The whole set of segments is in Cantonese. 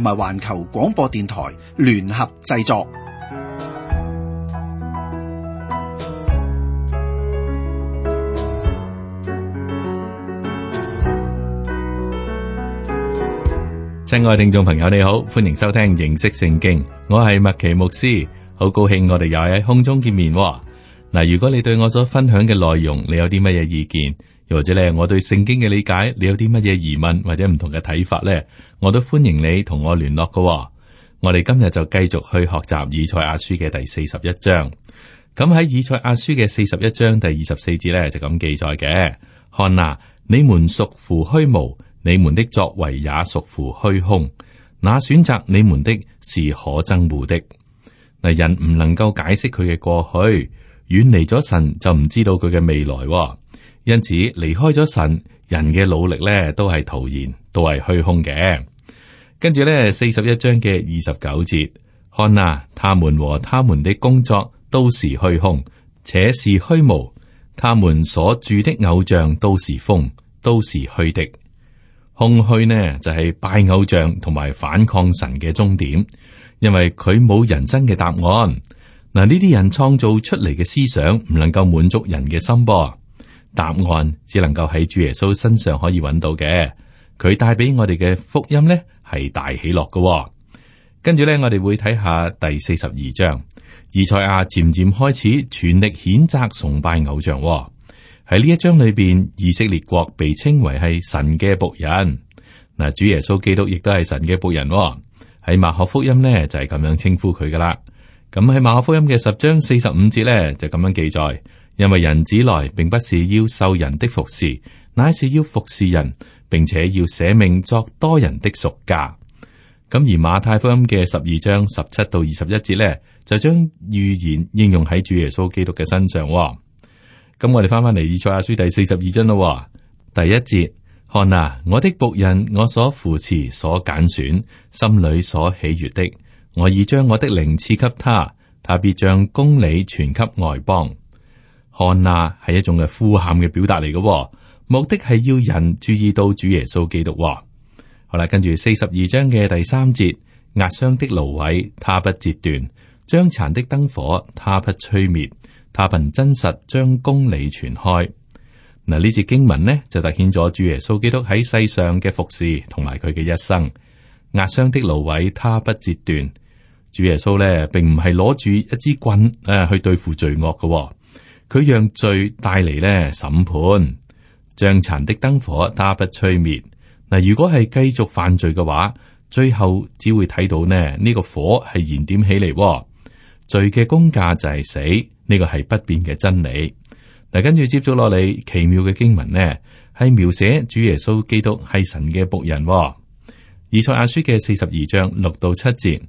同埋環球廣播電台聯合製作。親愛聽眾朋友，你好，歡迎收聽認識聖經，我係麥奇牧師，好高興我哋又喺空中見面。嗱，如果你對我所分享嘅內容，你有啲乜嘢意見？或者咧，我對聖經嘅理解，你有啲乜嘢疑問或者唔同嘅睇法呢？我都歡迎你同我聯絡嘅、哦。我哋今日就繼續去學習以賽亞書嘅第四十一章。咁、嗯、喺以賽亞書嘅四十一章第二十四節呢，就咁記載嘅：看啊，你們屬乎虛無，你們的作為也屬乎虛空。那選擇你們的是可憎惡的。嗱，人唔能夠解釋佢嘅過去，遠離咗神就唔知道佢嘅未來、哦。因此離開咗神，人嘅努力咧都係徒然，都係虛空嘅。跟住咧，四十一章嘅二十九節，看啊，他們和他們的工作都是虛空，且是虛無。他們所鑄的偶像都是風，都是虛的。空虛呢就係、是、拜偶像同埋反抗神嘅終點，因為佢冇人生嘅答案。嗱，呢啲人創造出嚟嘅思想唔能夠滿足人嘅心噃。答案只能夠喺主耶穌身上可以揾到嘅，佢帶俾我哋嘅福音呢係大喜樂㗎喎。跟住呢，我哋會睇下第四十二章，以賽亞漸漸開始全力譴責崇拜偶像喎。喺呢一章裏邊，以色列國被稱為係神嘅僕人。嗱，主耶穌基督亦都係神嘅僕人喎。喺馬可福音呢，就係咁樣稱呼佢噶啦。咁喺馬可福音嘅十章四十五節呢，就咁樣記載。因為人子來，並不是要受人的服侍，乃是要服侍人，並且要捨命作多人的贖價。咁而馬太福音嘅十二章十七到二十一節呢，就將預言應用喺主耶穌基督嘅身上。咁我哋翻翻嚟以賽亞書第四十二章咯，第一節：看啊，我的僕人，我所扶持、所揀選、心裏所喜悅的，我已將我的靈賜給他，他必將公理傳給外邦。看哪，係一種嘅呼喊嘅表達嚟嘅，目的係要人注意到主耶穌基督。好啦，跟住四十二章嘅第三節，壓傷的蘆葦，他不折斷；將殘的燈火，他不吹滅。他憑真實將公理傳開。嗱，呢節經文呢就突顯咗主耶穌基督喺世上嘅服侍，同埋佢嘅一生。壓傷的蘆葦，他不折斷。主耶穌呢，並唔係攞住一支棍誒、啊、去對付罪惡嘅、哦。佢讓罪帶嚟咧審判，將殘的燈火他不吹滅。嗱，如果係繼續犯罪嘅話，最後只會睇到呢呢個火係燃點起嚟。罪嘅工價就係死，呢個係不變嘅真理。嗱，跟住接咗落嚟奇妙嘅經文呢，係描寫主耶穌基督係神嘅僕人。以賽亞書嘅四十二章六到七節：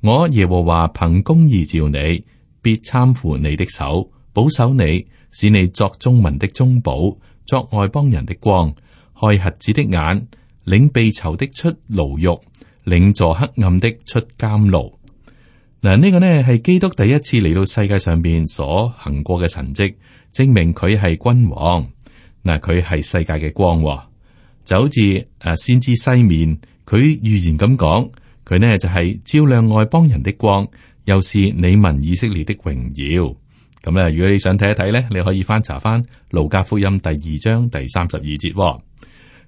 我耶和華憑公義召你，必攙扶你的手。保守你，使你作眾民的中保，作外邦人的光，開瞎子的眼，領被囚的出牢獄，領坐黑暗的出監牢。嗱，呢個呢係基督第一次嚟到世界上面所行過嘅神蹟，證明佢係君王。嗱，佢係世界嘅光，哦，就好似誒先知西面佢預言咁講，佢呢就係、是、照亮外邦人的光，又是你民以色列的榮耀。咁咧，如果你想睇一睇呢，你可以翻查翻《路加福音》第二章第三十二節。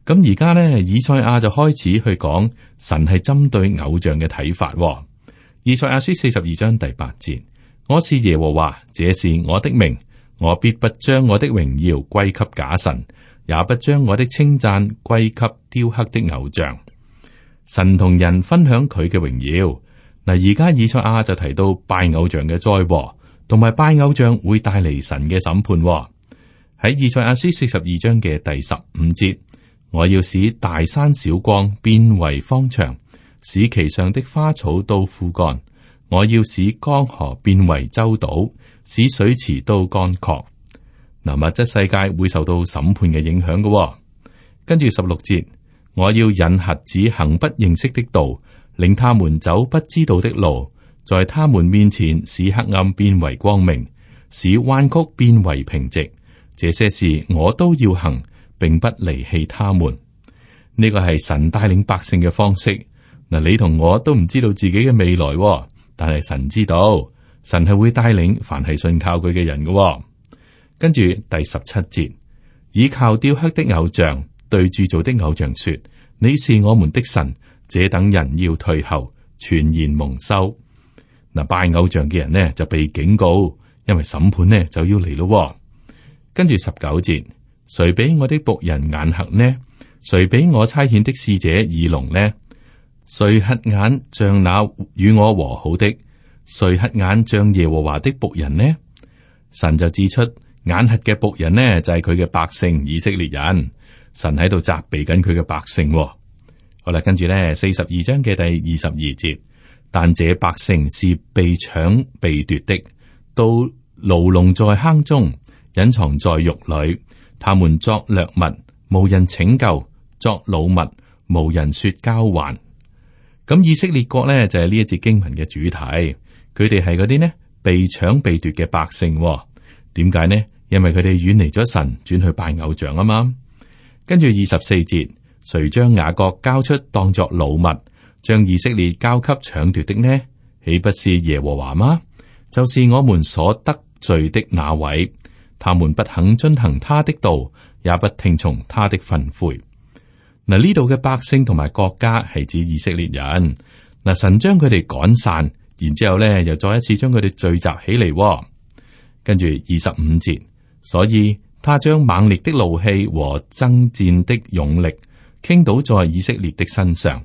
咁而家呢，以賽亞就開始去講神係針對偶像嘅睇法哦。以賽亞書四十二章第八節：我是耶和華，這是我的名，我必不將我的榮耀歸給假神，也不將我的稱讚歸給雕刻的偶像。神同人分享佢嘅榮耀。嗱，而家以賽亞就提到拜偶像嘅災禍。同埋拜偶像會帶嚟神嘅審判喎、哦。喺以賽亞書四十二章嘅第十五節，我要使大山小岡變為荒場，使其上的花草都枯乾；我要使江河變為洲島，使水池都乾涸。嗱，物質世界會受到審判嘅影響噶、哦。跟住十六節，我要引瞎子行不認識的道，令他們走不知道的路。在他們面前，使黑暗變為光明，使彎曲變為平直。這些事我都要行，並不離棄他們。呢個係神帶領百姓嘅方式。嗱，你同我都唔知道自己嘅未來，但係神知道，神係會帶領凡係信靠佢嘅人嘅。跟住第十七節，倚靠雕刻的偶像，對鑄造的偶像說：你是我們的神。這等人要退後，全然蒙羞。拜偶像嘅人呢就被警告，因為審判呢就要嚟咯。跟住十九節，誰比 我的僕人眼瞎呢？誰比我差遣的使者耳聾呢？誰瞎眼像那與我和好的？誰瞎眼像耶和華的僕人呢？神就指出，眼瞎嘅僕人呢就係佢嘅百姓以色列人，神喺度責備緊佢嘅百姓。好啦，跟住呢四十二章嘅第二十二節。但這百姓是被搶被奪的，到牢籠在坑中，隱藏在獄裏，他們作掠物，無人拯救；作擄物，無人說交還。咁以色列國呢，就係呢一節經文嘅主題，佢哋係嗰啲呢被搶被奪嘅百姓。點解呢？因為佢哋遠離咗神，轉去拜偶像啊嘛。跟住二十四節，誰將雅各交出當作擄物？將以色列交給搶奪的呢，豈不是耶和華嗎？就是我們所得罪的那位。他們不肯遵行他的道，也不聽從他的訓誨。嗱，呢度嘅百姓同埋國家係指以色列人。嗱，神將佢哋趕散，然之後咧又再一次將佢哋聚集起嚟。跟住二十五節，所以他將猛烈的怒氣和爭戰的勇力傾倒在以色列的身上。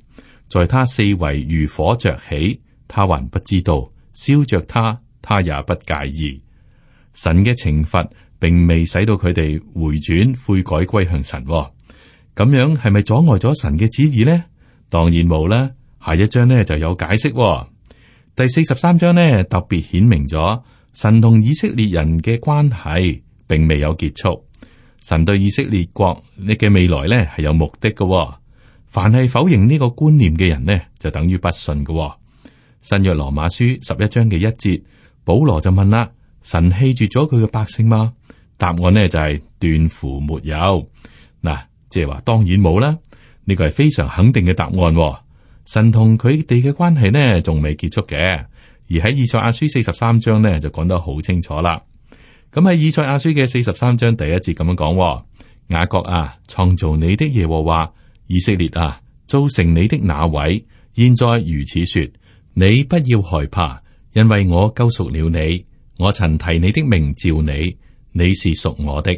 在他四圍如火着起，他還不知道燒着他，他也不介意。神嘅懲罰並未使到佢哋回轉悔改歸向神。哦，咁樣係咪阻礙咗神嘅旨意呢？當然冇啦。下一章呢就有解釋，哦。第四十三章呢特別顯明咗神同以色列人嘅關係，並未有結束。神對以色列國你嘅未來呢係有目的嘅，哦。凡係否認呢個觀念嘅人呢，就等於不信嘅、哦。新約羅馬書十一章嘅一節，保羅就問啦：神棄絕咗佢嘅百姓嗎？答案呢就係、是、斷乎沒有。嗱，即係話當然冇啦。呢個係非常肯定嘅答案、哦。神同佢哋嘅關係呢，仲未結束嘅。而喺以賽亞書四十三章呢，就講得好清楚啦。咁喺以賽亞書嘅四十三章第一節咁樣講：雅各啊，創造你的耶和華。以色列啊，造成你的那位，現在如此說，你不要害怕，因為我救贖了你，我曾提你的名召你，你是屬我的。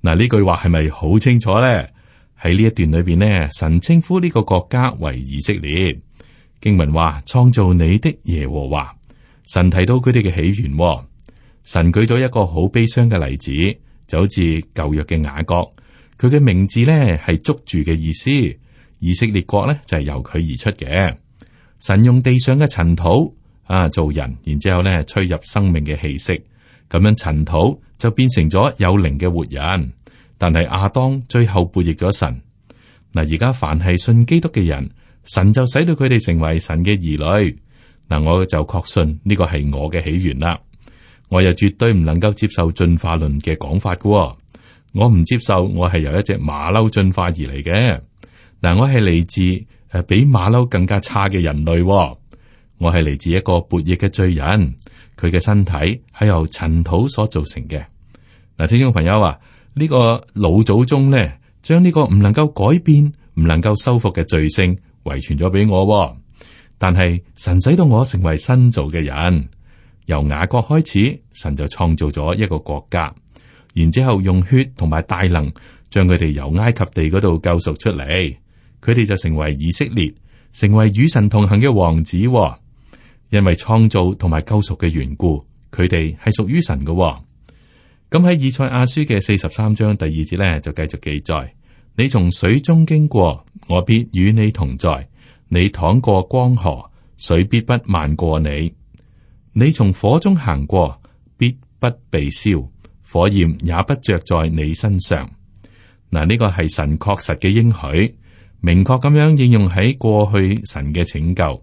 嗱、啊，呢句話係咪好清楚咧？喺呢一段裏邊呢，神稱呼呢個國家為以色列。經文話，創造你的耶和華，神提到佢哋嘅起源、哦，神舉咗一個好悲傷嘅例子，就好似舊約嘅雅各。佢嘅名字咧係捉住嘅意思，以色列國咧就係、是、由佢而出嘅。神用地上嘅塵土啊，做人，然之後咧吹入生命嘅氣息，咁樣塵土就變成咗有靈嘅活人。但係亞當最後背逆咗神。嗱，而家凡係信基督嘅人，神就使到佢哋成為神嘅兒女。嗱，我就確信呢個係我嘅起源啦。我又絕對唔能夠接受進化論嘅講法嘅、哦。我唔接受我，我係由一隻馬騮進化而嚟嘅。嗱，我係嚟自誒比馬騮更加差嘅人類、哦。我係嚟自一個悖逆嘅罪人，佢嘅身體係由塵土所造成嘅。嗱，聽眾朋友啊，呢、這個老祖宗咧，將呢個唔能夠改變、唔能夠修復嘅罪性，遺傳咗俾我、哦。但係神使到我成為新造嘅人，由雅各開始，神就創造咗一個國家。然之後用血同埋大能將佢哋由埃及地嗰度救贖出嚟，佢哋就成為以色列，成為與神同行嘅王子、哦。因為創造同埋救贖嘅緣故，佢哋係屬於神嘅、哦。咁喺以賽亞書嘅四十三章第二節呢，就繼續記載：你從水中經過，我必與你同在；你趟過江河，水必不漫過你；你從火中行過，必不被燒。火焰也不着在你身上，嗱，呢個係神確實嘅應許，明確咁樣應用喺過去神嘅拯救。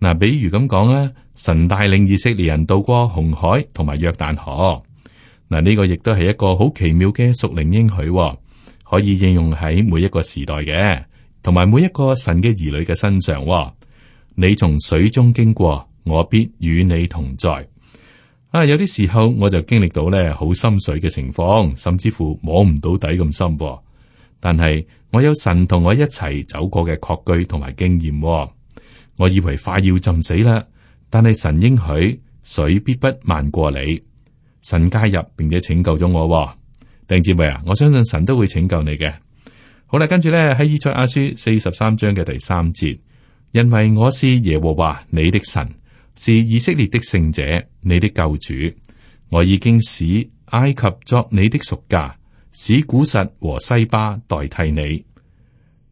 嗱，比如咁講啦，神帶領以色列人渡過紅海同埋約旦河，嗱，呢個亦都係一個好奇妙嘅屬靈應許，可以應用喺每一個時代嘅，同埋每一個神嘅兒女嘅身上。你從水中經過，我必與你同在。啊，有啲時候我就經歷到咧好深水嘅情況，甚至乎摸唔到底咁深噃、哦。但係我有神同我一齊走過嘅確據同埋經驗、哦，我以為快要浸死啦，但係神應許水必不漫過你，神加入並且拯救咗我、哦。弟兄姐妹啊，我相信神都會拯救你嘅。好啦，跟住咧喺以賽亞書四十三章嘅第三節，因為我是耶和華你的神。是以色列的聖者，你的救主。我已經使埃及作你的贖價，使古實和西巴代替你。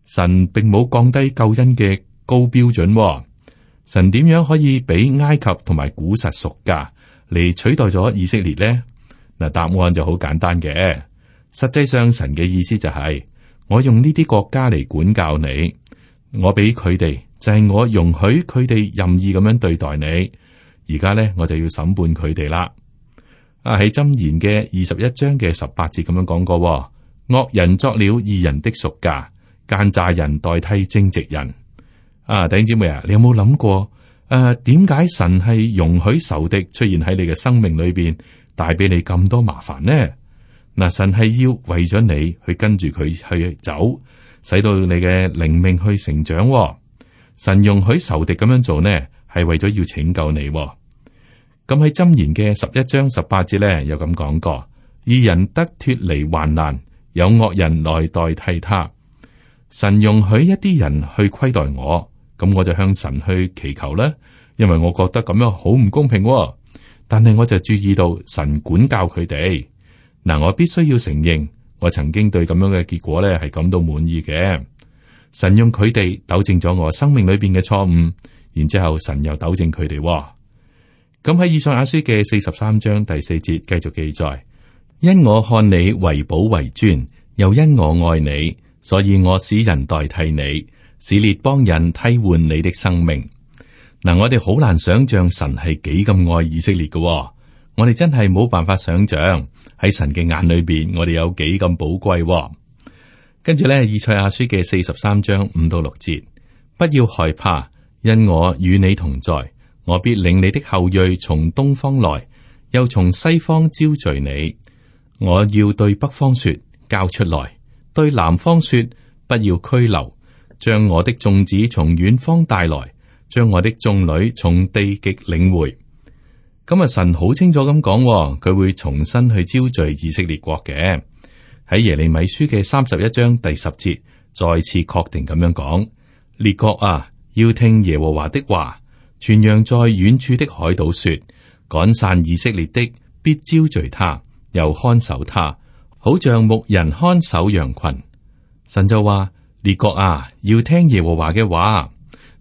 神並冇降低救恩嘅高標準、哦。神點樣可以俾埃及同埋古實贖價嚟取代咗以色列呢？嗱，答案就好簡單嘅。實際上，神嘅意思就係、是、我用呢啲國家嚟管教你，我俾佢哋。就係我容許佢哋任意咁樣對待你。而家咧，我就要審判佢哋啦。啊，喺《箴言》嘅二十一章嘅十八節咁樣講過，惡人作了義人的贖價，奸詐人代替正直人。啊，弟兄姐妹啊，你有冇諗過？誒、啊，點解神係容許仇敵出現喺你嘅生命裏邊，帶俾你咁多麻煩呢？嗱、啊，神係要為咗你去跟住佢去走，使到你嘅靈命去成長、啊。神容許仇敵咁樣做呢，係為咗要拯救你喎。咁喺箴言嘅十一章十八節呢，有咁講過：「義人得脱離患難，有惡人來代替他。神容許一啲人去虧待我，咁我就向神去祈求啦，因為我覺得咁樣好唔公平喎。但係我就注意到神管教佢哋，嗱，我必須要承認，我曾經對咁樣嘅結果呢係感到滿意嘅。神用佢哋糾正咗我生命裏邊嘅錯誤，然之後神又糾正佢哋，哦。咁喺以賽亞書嘅四十三章第四節繼續記載：因我看你為寶為尊，又因我愛你，所以我使人代替你，使列邦人替換你的生命。嗱，嗯，我哋好難想象神係幾咁愛以色列嘅，哦，我哋真係冇辦法想象喺神嘅眼裏邊，哦，我哋有幾咁寶貴。跟住呢，以賽亞書嘅四十三章五到六節，不要害怕，因我與你同在，我必領你的後裔從東方來，又從西方招聚你。我要對北方說，交出來；對南方說，不要拘留。將我的眾子從遠方帶來，將我的眾女從地極領回。今日神好清楚咁講，佢會重新去招聚以色列國嘅。喺耶利米書嘅三十一章第十節，再次確定咁樣講：列國啊，要聽耶和華的話，傳揚在遠處的海島說，趕散以色列的，必招聚他，又看守他，好像牧人看守羊群。神就話：列國啊，要聽耶和華嘅話。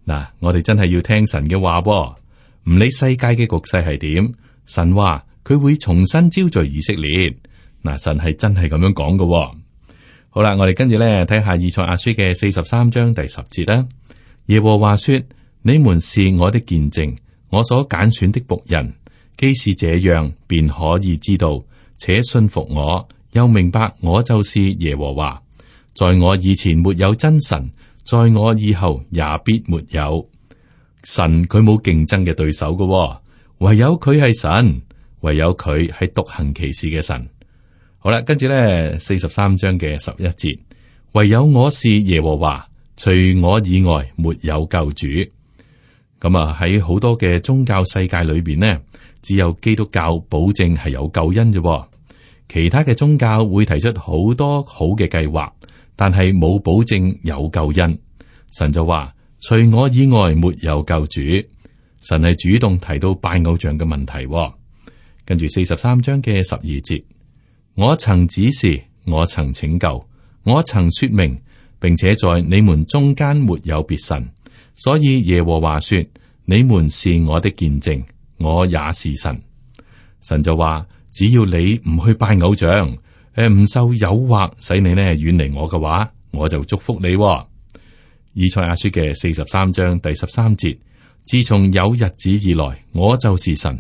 嗱，我哋真係要聽神嘅話噃，唔理世界嘅局勢係點，神話佢會重新招聚以色列。嗱，神係真係咁樣講嘅、哦。好啦，我哋跟住咧睇下《以賽亞書》嘅四十三章第十節啦。耶和華說：你們是我的見證，我所揀選的僕人。既是這樣，便可以知道且信服我，又明白我就是耶和華。在我以前沒有真神，在我以後也必沒有神。佢冇競爭嘅對手嘅、哦，唯有佢係神，唯有佢係獨行其事嘅神。好啦，跟住咧，四十三章嘅十一節，唯有我是耶和華，除我以外沒有救主。咁啊，喺好多嘅宗教世界裏邊呢，只有基督教保證係有救恩嘅。其他嘅宗教會提出好多好嘅計劃，但係冇保證有救恩。神就話，除我以外沒有救主。神係主動提到拜偶像嘅問題啊。跟住四十三章嘅十二節。我曾指示，我曾拯救，我曾說明，並且在你們中間沒有別神，所以耶和華說：你們是我的見證，我也是神。神就話：只要你唔去拜偶像，誒唔受誘惑，使你咧遠離我嘅話，我就祝福你。以賽亞書嘅四十三章第十三節：自從有日子以來，我就是神，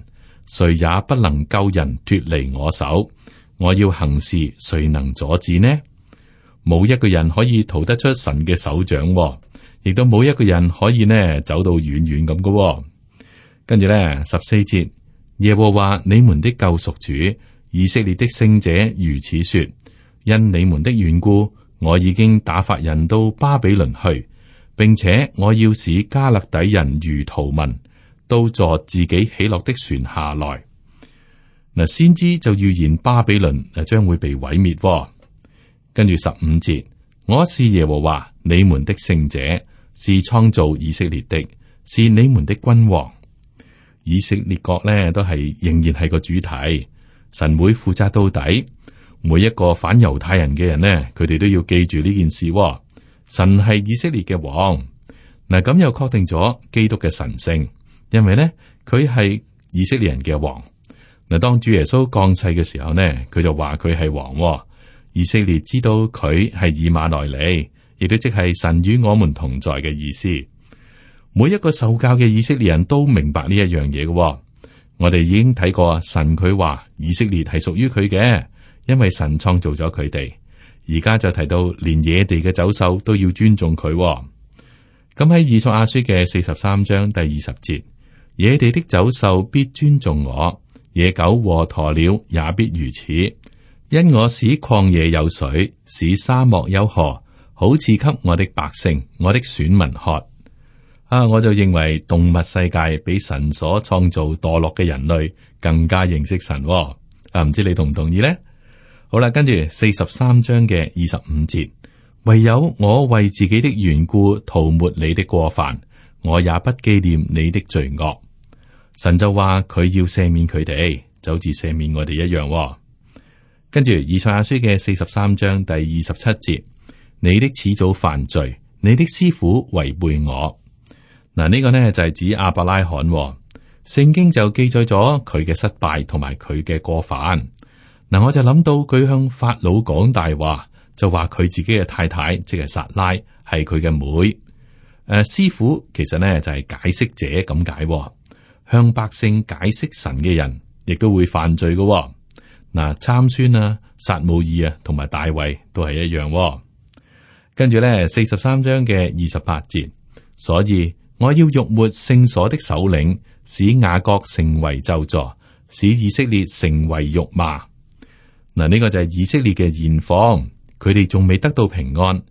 誰也不能救人脫離我手。我要行事，誰能阻止呢？冇一個人可以逃得出神嘅手掌，哦，亦都冇一個人可以呢走到遠遠咁嘅，哦。跟住呢十四節，耶和華你們的救贖主以色列的聖者如此說：因你們的緣故，我已經打發人到巴比倫去，並且我要使迦勒底人如逃民都坐自己喜樂的船下來。嗱，先知就預言巴比倫啊將會被毀滅，哦。跟住十五節，我是耶和華，你們的聖者是創造以色列的，是你們的君王。以色列國呢，都係仍然係個主題，神會負責到底。每一個反猶太人嘅人呢，佢哋都要記住呢件事，哦。神係以色列嘅王，嗱，咁又確定咗基督嘅神聖，因為呢，佢係以色列人嘅王。嗱，當主耶穌降世嘅時候呢，佢就話佢係王。以色列知道佢係以馬內利，亦都即係神與我們同在嘅意思。每一個受教嘅以色列人都明白呢一樣嘢嘅。我哋已經睇過神佢話以色列係屬於佢嘅，因為神創造咗佢哋。而家就提到連野地嘅走獸都要尊重佢。咁喺《以賽亞書》嘅四十三章第二十節，野地的走獸必尊重我。野狗和鴕鳥也必如此，因我使曠野有水，使沙漠有河，好賜給我的百姓、我的選民喝。啊，我就認為動物世界比神所創造墮落嘅人類更加認識神哦。啊，唔知你同唔同意咧？好啦，跟住四十三章嘅二十五節，唯有我為自己的緣故塗抹你的過犯，我也不紀念你的罪惡。神就話佢要赦免佢哋，就好似赦免我哋一樣，哦。跟住，以賽亞書嘅四十三章第二十七節，你的始祖犯罪，你的師傅違背我。嗱，呢個呢就係指亞伯拉罕聖經就記載咗佢嘅失敗同埋佢嘅過犯嗱。我就諗到佢向法老講大話，就話佢自己嘅太太即係撒拉係佢嘅妹。誒、呃，師傅其實呢就係解釋者咁解，哦。向百姓解釋神嘅人，亦都會犯罪噶嗱、哦。參孫啊，撒母耳啊，同埋大衛都係一樣、哦。跟住咧，四十三章嘅二十八節，所以我要辱沒聖所的首領，使雅各成為咒詛，使以色列成為辱罵嗱。呢、這個就係以色列嘅現況，佢哋仲未得到平安，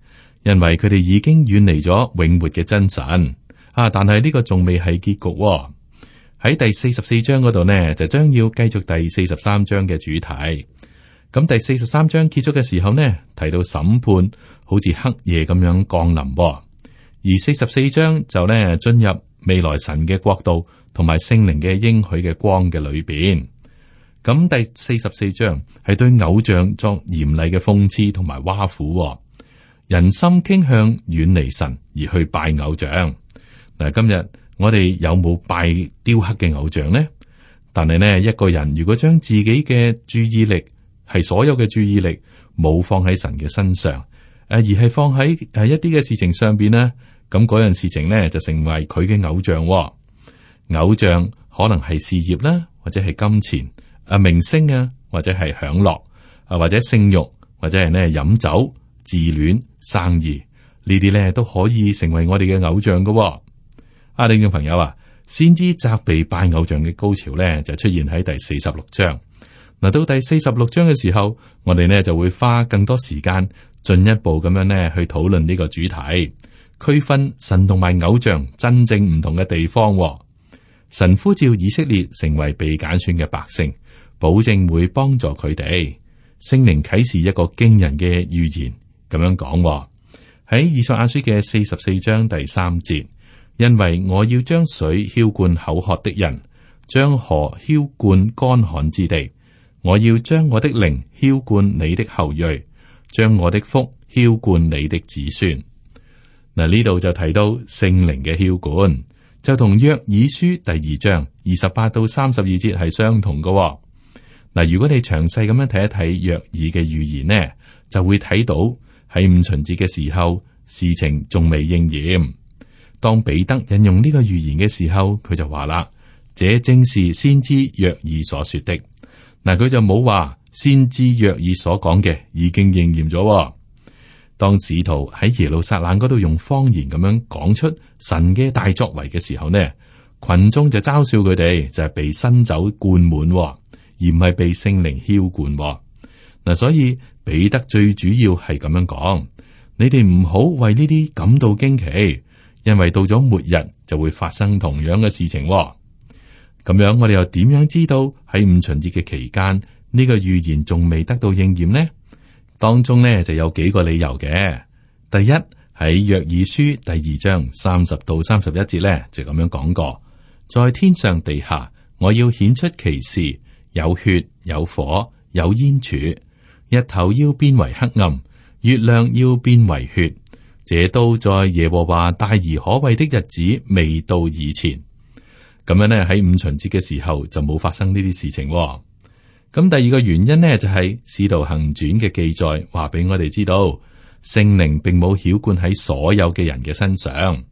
因為佢哋已經遠離咗永活嘅真神啊。但係呢個仲未係結局、哦。喺第四十四章嗰度呢，就將要繼續第四十三章嘅主題。咁第四十三章結束嘅時候呢，提到審判好似黑夜咁樣降臨喎，而四十四章就呢進入未來神嘅國度同埋聖靈嘅應許嘅光嘅裏邊。咁第四十四章係對偶像作嚴厲嘅諷刺同埋挖苦，人心傾向遠離神而去拜偶像。嗱，今日。我哋有冇拜雕刻嘅偶像呢？但係呢一個人如果將自己嘅注意力係所有嘅注意力冇放喺神嘅身上，誒而係放喺誒一啲嘅事情上面呢？咁嗰樣事情呢就成為佢嘅偶像，哦。偶像可能係事業啦，或者係金錢，啊明星啊，或者係享樂啊，或者性慾，或者係呢飲酒、自戀、生意呢啲咧，都可以成為我哋嘅偶像㗎，哦。啊！丁嘅朋友啊，先知責備拜偶像嘅高潮咧，就出現喺第四十六章。嗱，到第四十六章嘅時候，我哋咧就會花更多時間，進一步咁樣咧去討論呢個主題，區分神同埋偶像真正唔同嘅地方、哦。神呼召以色列成為被揀選嘅百姓，保證會幫助佢哋。聖靈啟示一個驚人嘅預言，咁樣講喺以賽亞書嘅四十四章第三節。因為我要將水澆灌口渴的人，將河澆灌乾旱之地。我要將我的靈澆灌你的後裔，將我的福澆灌你的子孫。嗱，呢度就提到聖靈嘅澆灌，就同約珥書第二章二十八到三十二節係相同嘅。嗱，如果你詳細咁樣睇一睇約珥嘅預言呢，就會睇到喺五旬節嘅時候，事情仲未應驗。當彼得引用呢個預言嘅時候，佢就話啦：這正是先知約珥所說的。嗱，佢就冇話先知約珥所講嘅已經應驗咗。當使徒喺耶路撒冷嗰度用方言咁樣講出神嘅大作為嘅時候，呢群眾就嘲笑佢哋，就係被新酒灌滿，而唔係被聖靈澆灌。嗱，所以彼得最主要係咁樣講：你哋唔好為呢啲感到驚奇。因為到咗末日就會發生同樣嘅事情，咁樣我哋又點樣知道喺五旬節嘅期間呢、呢個預言仲未得到應驗呢？當中呢，就有幾個理由嘅。第一，喺約珥書第二章三十到三十一節呢，就咁樣講過：在天上地下，我要顯出奇事，有血有火有煙柱，日頭要變為黑暗，月亮要變為血。這都在耶和華大而可畏的日子未到以前，咁樣呢，喺五旬節嘅時候就冇發生呢啲事情。咁第二個原因呢，就係《使徒行傳》嘅記載話俾我哋知道，聖靈並冇澆灌喺所有嘅人嘅身上，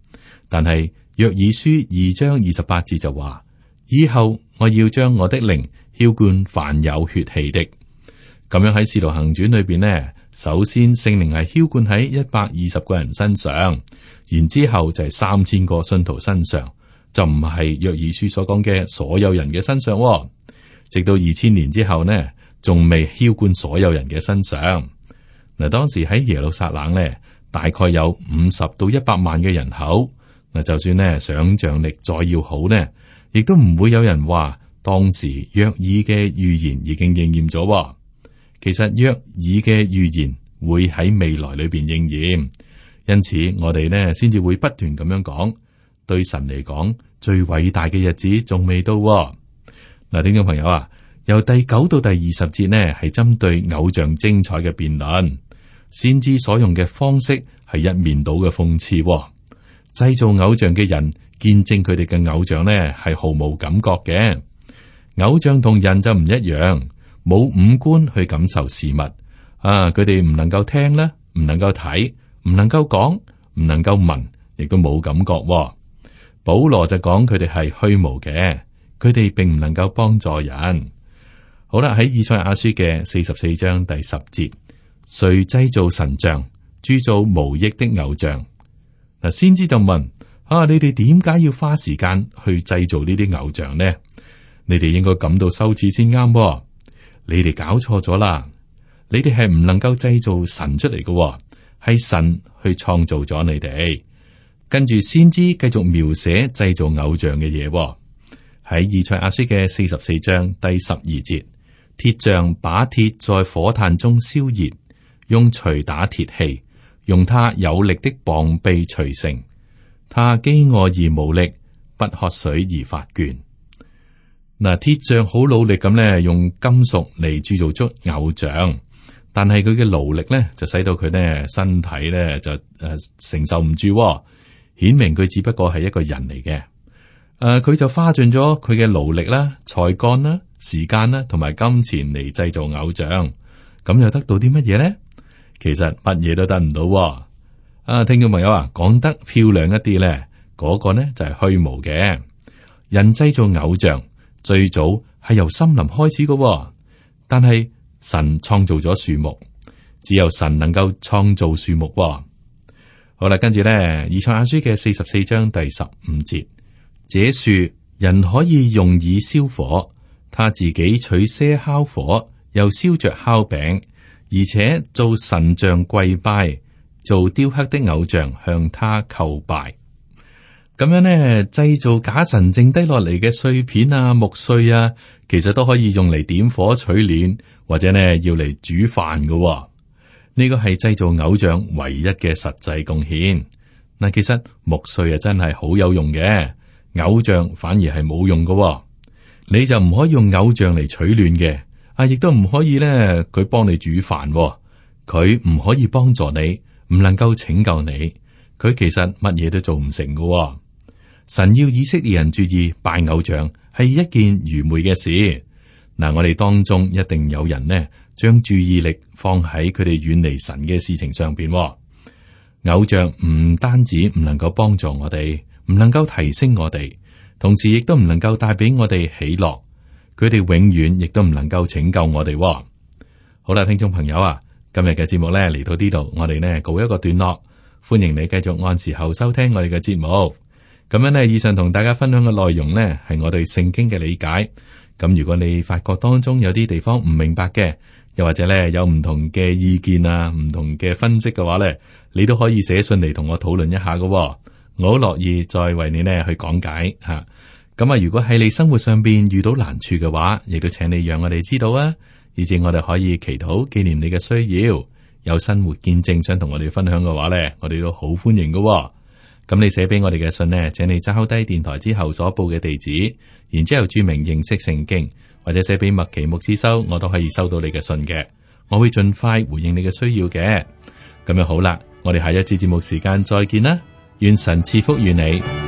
但係《約珥書》二章二十八節就話：以後我要將我的靈澆灌凡有血氣的。咁樣喺《使徒行傳》裏邊呢。首先，聖靈係澆灌喺一百二十個人身上，然之後就係三千個信徒身上，就唔係約珥書所講嘅所有人嘅身上喎。直到二千年之後呢，仲未澆灌所有人嘅身上。嗱，當時喺耶路撒冷呢，大概有五十到一百萬嘅人口。嗱，就算呢想象力再要好呢，亦都唔會有人話當時約珥嘅預言已經應驗咗喎。其實約爾嘅預言會喺未來裏邊應驗，因此我哋呢先至會不斷咁樣講。對神嚟講，最偉大嘅日子仲未到喎。嗱，聽眾朋友啊，由第九到第二十節呢，係針對偶像精彩嘅辯論，先知所用嘅方式係一面倒嘅諷刺喎。製造偶像嘅人見證佢哋嘅偶像呢，係毫無感覺嘅。偶像同人就唔一樣。冇五官去感受事物啊！佢哋唔能夠聽啦，唔能夠睇，唔能夠講，唔能夠問，亦都冇感覺、哦。保羅就講佢哋係虛無嘅，佢哋並唔能夠幫助人。好啦，喺以賽亞書嘅四十四章第十節，誰製造神像，鑄造無益的偶像？嗱，先知就問啊：你哋點解要花時間去製造呢啲偶像呢？你哋應該感到羞恥先啱。你哋搞錯咗啦！你哋係唔能夠製造神出嚟嘅，係神去創造咗你哋。跟住先知繼續描寫製造偶像嘅嘢，喺以賽亞書嘅四十四章第十二節：鐵匠把鐵在火炭中燒熱，用錘打鐵器，用他有力的膀臂錘成。他飢餓而無力，不喝水而發倦。嗱，鐵匠好努力咁咧，用金屬嚟鑄造出偶像，但係佢嘅勞力咧就使到佢咧身體咧就誒、呃、承受唔住、哦，顯明佢只不過係一個人嚟嘅。誒、呃，佢就花盡咗佢嘅勞力啦、才幹啦、時間啦，同埋金錢嚟製造偶像，咁又得到啲乜嘢咧？其實乜嘢都得唔到、哦。啊，聽眾朋友啊，講得漂亮一啲咧，嗰、嗰個咧就係、是、虛無嘅人製造偶像。最早係由森林開始嘅、哦，但係神創造咗樹木，只有神能夠創造樹木、哦。好啦，跟住咧，以賽亞書嘅四十四章第十五節，這樹人可以用以燒火，他自己取些烤火，又燒着烤餅，而且做神像跪拜，做雕刻的偶像向他叩拜。咁樣咧，製造假神剩低落嚟嘅碎片啊、木碎啊，其實都可以用嚟點火取暖，或者呢要嚟煮飯嘅喎。呢個係製造偶像唯一嘅實際貢獻。嗱，其實木碎啊真係好有用嘅，偶像反而係冇用嘅喎。你就唔可以用偶像嚟取暖嘅，啊，亦都唔可以咧佢幫你煮飯喎，佢唔可以幫助你，唔能夠拯救你，佢其實乜嘢都做唔成嘅喎。神要以色列人注意，拜偶像係一件愚昧嘅事。嗱，我哋當中一定有人呢，將注意力放喺佢哋遠離神嘅事情上邊。偶像唔單止唔能夠幫助我哋，唔能夠提升我哋，同時亦都唔能夠帶俾我哋喜樂。佢哋永遠亦都唔能夠拯救我哋。好啦，聽眾朋友啊，今日嘅節目咧，嚟到呢度，我哋呢告一個段落。歡迎你繼續按時候收聽我哋嘅節目。咁樣呢，以上同大家分享嘅內容呢，係我對聖經嘅理解。咁如果你發覺當中有啲地方唔明白嘅，又或者呢有唔同嘅意見啊，唔同嘅分析嘅話呢，你都可以寫信嚟同我討論一下㗎。我好樂意再為你呢去講解吓。咁啊，如果喺你生活上邊遇到難處嘅話，亦都請你讓我哋知道啊，以至我哋可以祈禱紀念你嘅需要。有生活見證想同我哋分享嘅話呢，我哋都好歡迎㗎。咁你寫俾我哋嘅信呢，請你抄低電台之後所報嘅地址，然之後注明認識聖經，或者寫俾麥奇牧師收，我都可以收到你嘅信嘅，我會盡快回應你嘅需要嘅。咁樣好啦，我哋下一次節目時間再見啦，願神賜福與你。